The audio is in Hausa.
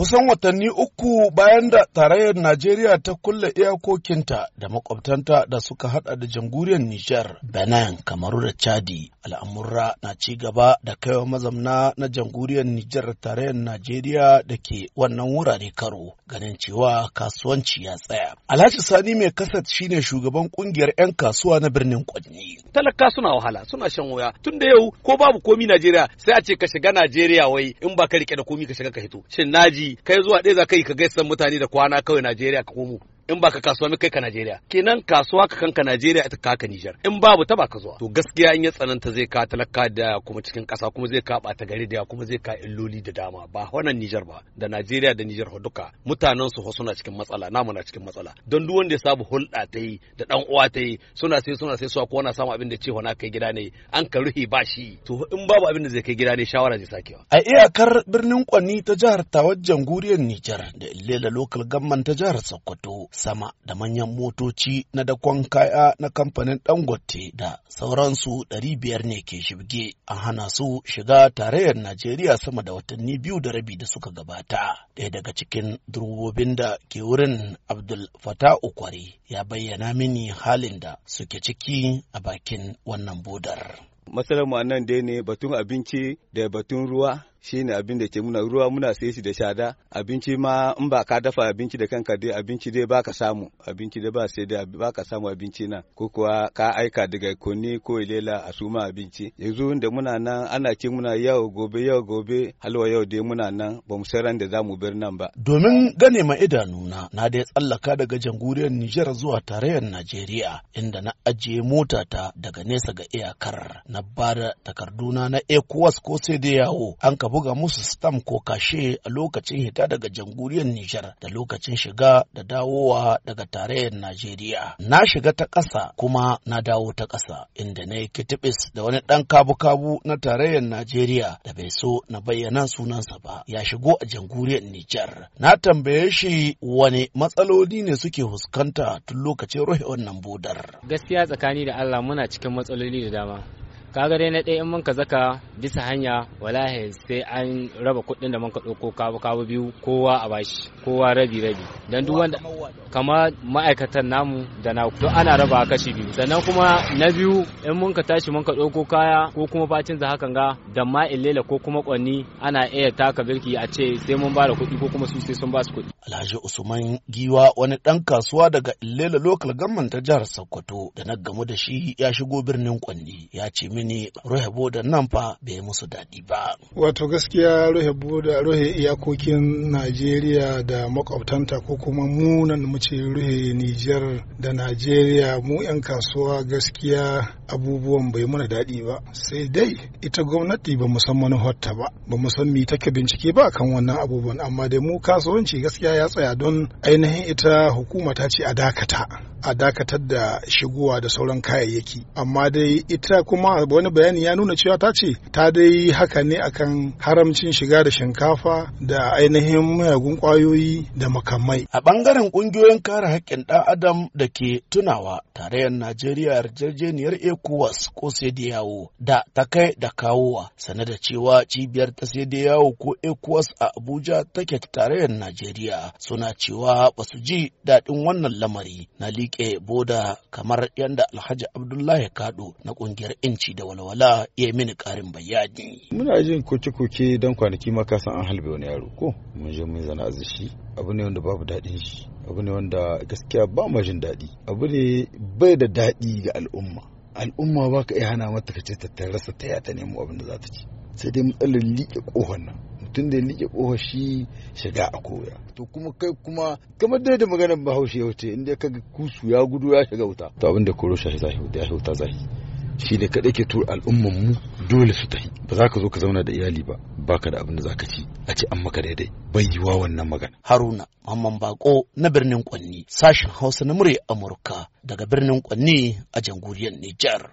kusan watanni uku bayan da tarayyar Najeriya ta kulle iyakokinta da makwabtanta da suka hada da jamhuriyar Nijar, Benin, Kamaru da Chadi, al'amurra na ci gaba da kaiwa mazamna na jamhuriyar Nijar tarayyar Najeriya da ke wannan wurare karo ganin cewa kasuwanci ya tsaya. Alhaji Sani mai kasat shine shugaban kungiyar 'yan kasuwa na birnin Kwadni. Talaka suna wahala, suna shan wuya. Tun da yau ko babu komi Najeriya sai a ce ka shiga Najeriya wai in ba ka rike da komi ka shiga ka hito. Shin naji kai zuwa ɗaya za ka yi ka gaisan mutane da kwana kawai Najeriya ka komo in ba ka kasuwa mai kai ka Najeriya kenan kasuwa ka kanka Najeriya ita ka Niger in babu ta ka zuwa to gaskiya in ya tsananta zai ka talaka da kuma cikin kasa kuma zai ka bata gari da kuma zai ka illoli da dama ba wannan Niger ba da Najeriya da Nijar duka mutanen su suna cikin matsala namu na cikin matsala don duk wanda ya sabu hulɗa ta yi da dan uwa ta yi suna sai suna sai suwa ko na samu abin da cewa na kai gida ne an ka ruhi ba shi to in babu abin da zai kai gida ne shawara zai sakewa a iyakar birnin Kwani ta jihar Tawad guriyar Nijar da Ilela local government ta jihar Sokoto sama da manyan motoci na dakon kaya na kamfanin dangote da sauransu 500 ne ke shirge an hana su shiga tarayyar najeriya sama da watanni biyu da rabi da suka gabata daya daga cikin durbobin da ke wurin abdul fata ukwari ya bayyana mini halin da suke ciki a bakin wannan bodar matsalar mu nan dai ne batun abinci da batun ruwa shine abin da ke muna ruwa muna sai shi da shada abinci ma in ba ka dafa abinci da kanka dai abinci dai ka samu abinci dai ba sai dai baka samu abinci na ko kuwa ka aika daga koni ko ilela a suma abinci yanzu da muna nan ana ce muna yau gobe yau gobe halwa yau dai muna nan ba mu san da mu bar nan ba domin gane ma idanuna na dai tsallaka daga jamhuriyar Nijar zuwa tarayyar Najeriya inda na ajiye motata daga nesa ga iyakar na bada takarduna na ECOWAS ko sai da yawo an ka buga musu stam ko kashe a lokacin hita daga jamhuriyar Nijar da lokacin shiga da dawowa daga tarayyar Najeriya. Na shiga ta ƙasa kuma na dawo ta ƙasa inda na yi kitibis da wani ɗan kabu-kabu na tarayyar Najeriya da bai so na bayyana sunansa ba ya shigo a jamhuriyar Nijar. Na tambaye shi wani matsaloli ne suke fuskanta tun lokacin rufe wannan bodar. Gaskiya tsakani da Allah muna cikin matsaloli da dama. kaga dai na ɗaya in mun ka zaka bisa hanya wallahi sai an raba kuɗin da mun ka ɗauko kawo kawo biyu kowa a bashi kowa rabi rabi dan duk wanda kama ma'aikatan namu da na to ana raba kashi biyu sannan kuma na biyu in mun ka tashi mun ka ɗauko kaya ko kuma bacin za hakan ga da ma illela ko kuma kwanni ana iya taka birki a ce sai mun ba da kuɗi ko kuma su sai sun ba su kuɗi Alhaji Usman Giwa wani ɗan kasuwa daga Illela Local Government ta jihar Sokoto da na gamu da shi ya shigo birnin Kwanni ya ce mini rohe boda nan fa bai musu daɗi ba. Wato gaskiya rohe boda rohe iyakokin Najeriya da makwabtanta ko kuma munan muce rohe Nijar da Najeriya mu 'yan kasuwa gaskiya abubuwan bai mana daɗi ba sai dai ita gwamnati ba san manufarta ba ba san mi take bincike ba kan wannan abubuwan amma dai mu kasuwanci gaskiya ya tsaya don ainihin ita hukuma ta ce a dakata a dakatar da shigowa da sauran kayayyaki amma dai ita kuma ba wani bayani ya nuna cewa ta ce ta dai haka ne akan haramcin shiga da shinkafa da ainihin mayagun kwayoyi da makamai. A bangaren kungiyoyin kare haƙƙin ɗan adam da ke tunawa tarayyar Najeriya yarjejeniyar ECOWAS ko yawo da ta kai da kawowa sane da cewa cibiyar ta yawo ko ECOWAS a Abuja take tarayyar Najeriya suna cewa ba su ji daɗin wannan lamari na liƙe boda kamar yadda Alhaji Abdullahi Kado na ƙungiyar inci da walwala ya mini karin bayani. Muna jin koke-koke don kwanaki ma san an halbe wani yaro ko mun je mun zana shi abu ne wanda babu daɗin shi abu ne wanda gaskiya ba mu jin daɗi abu ne bai da daɗi ga al'umma al'umma ba ka iya hana mata ka ce ta rasa ta ta nemo abin da za ta ci sai dai matsalar liƙe ƙohon nan mutum da ya liƙe ƙohon shi shiga a koya to kuma kai kuma kamar dai da maganar bahaushe ya wuce inda ka ga kusu ya gudu ya shiga wuta to abin da koro shi zahi ya wuta zahi shi ne kaɗai ke tura al'umman mu dole su tafi ba za ka zo ka zauna da iyali ba Ba ka da abin da za ka ci a ce an maka daidai bai yi wa wannan magana haruna mamman Bako na birnin Kwanni, sashen Hausa na murya Amurka daga birnin Kwanni a jamhuriyar Nijar.